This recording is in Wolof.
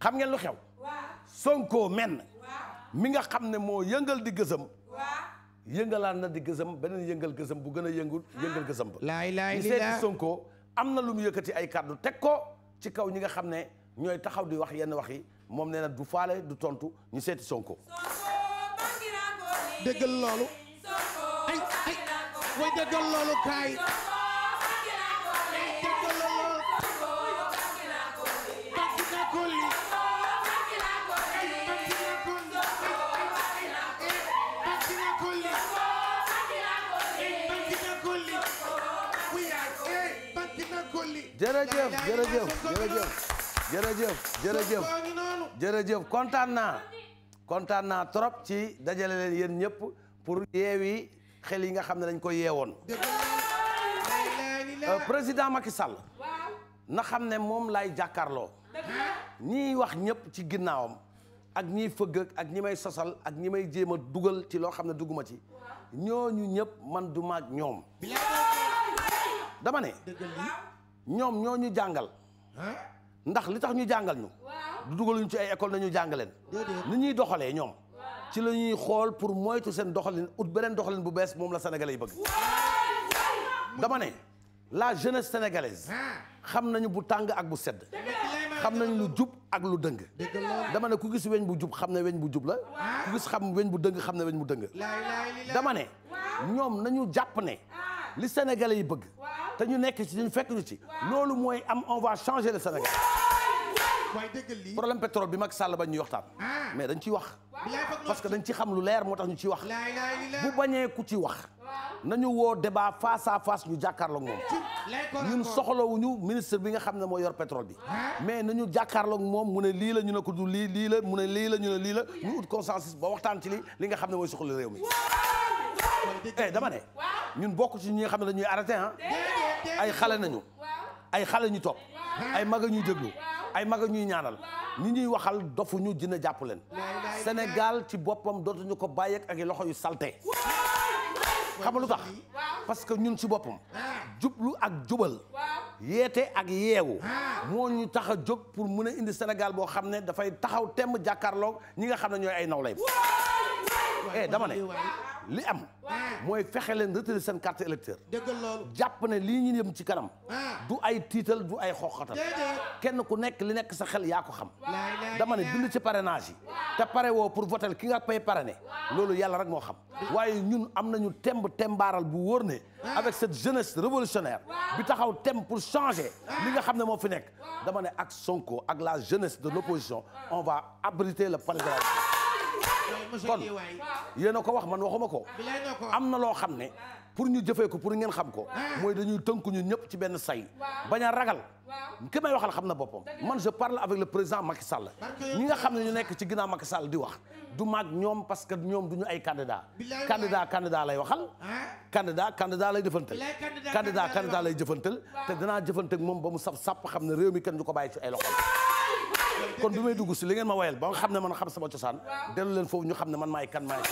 xam ngeen lu xew. Sonko men mi nga xam ne moo yëngal di gësëm. yëngalaat na di gësëm beneen yëngal gësëm bu gën a yëngu ah. yëngal gësëm ba. laay laay seeti Sonko am na lu mu yëkkati ay kàddu teg ko ci kaw ñi nga xam ne ñooy taxaw di wax yenn wax yi moom nee na du faale du tontu ñu seeti Sonko. déggal loolu. way déggal loolu kaay. Colly. jërëjëf jërëjëf jërëjëf jërëjëf jërëjëf kontaan naa kontaan naa trop ci dajale leen yéen ñëpp pour yeewi xel yi nga xam ne dañ koy yeewoon. Euh, président Macky Sall. na xam ne moom lay jàkkaarloo. ñiy wax ñëpp ci ginnaawam. ak ñiy fëgg ak ñi may sosal ak ñi may jéem a dugal ci loo xam ne dugguma ci ñu ñëpp man du maag ñoom dama ne ñoom ñoo ñu jàngal ndax li tax ñu jàngal ñu du dugaluñ ci ay école nañu jàngaleen li ñuy doxalee ñoom ci lañuy xool pour moytu seen doxalin ut beneen doxalin bu bees moom la sénégalais yi bëgg dama ne la jeunesse sénégalaise xam nañu bu tàng ak bu sedd xam nañu lu jub ak lu dëng dama ne ku gis weñ bu jub xam ne weñ bu jub la ku gis xam weñ bu dëng xam ne weñ bu dëng dama ne ñoom nañu jàpp ne li Sénégalais yi bëgg te ñu nekk ci ñu fekk ñu ci loolu mooy am on va changer le Sénégal problème pétrole bi Macky Sall bañ ñuy waxtaan mais dañ ciy wax parce que dañ ci xam lu leer moo tax ñu ciy wax bu bañee ku ci wax nañu woo débat face à face ñu jàkkaarloog moom. ñun soxlawuñu ministre bi nga xam ne mooy yor pétrole bi. mais nañu jàkkarlook moom mu ne lii la ñu ne ko du lii lii la mu ne lii la ñu ne lii la ñu ut consensus ba waxtaan ci li li nga xam ne mooy soxla réew mi. eh dama ne. ñun bokk ci ñi nga xam ne dañuy arrêté ah. ay xale nañu. ay xale ñu toog ay mag ñuy déglu. ay mag ñuy ñaanal. ñi ñuy waxal dofuñu dina jàpp leen. Sénégal ci boppam dootuñu ko bàyyeek ak loxo yu salte xamalu tax parce que ñun si boppam jublu ak jubal yeete ak yeewu moo ñu tax a jóg pour mën a indi Sénégal boo xam ne dafay taxaw temm jàkkaarloog ñi nga xam ne ñooy ay nawlay eh dama ne li am ah. mooy fexe leen retirer seen carte électeur dëggal loolu jàpp ne lii ñu dem ci kanam ah. du ay tiital du ay xoqatal kenn ku nekk li nekk sa xel yaa ko xam dama ne bind ci parrainage yi te pare woo pour voter ki nga pare ne loolu yàlla rek moo xam waaye ñun am nañu temb tembaaral bu wóor ne ah. avec cette jeunesse révolutionnaire bi taxaw tem pour changer li nga xam ne moo fi nekk dama ne ak Sonko ak la jeunesse de l'opposition on va abriter la palais de kon yéen a ko wax man waxuma ko am na loo xam ne pour ñu jëfee ko pour ngeen xam ko ah. mooy dañuy tënku ñu ñëpp ci benn say bañ a ragal ki may waxal xam na boppam man je parle avec le président Macky Sall ñi nga xam ne ñu nekk ci ginnaaw Macky Sall di wax du maag ñoom parce que ñoom du ñu ay candidat ah. candidat candidat lay waxal candidat candidat lay jëfantal candidat candidat lay jëfantal te danaa jëfantal moom ba mu saf sàpp xam ne réew mi kenn du ko bàyyi ci ay loxo kon bi may dugg si li ngeen ma wayal ba nga xam ne man xam sama cosaan dellu leen foofu ñu xam ne man maay kan maay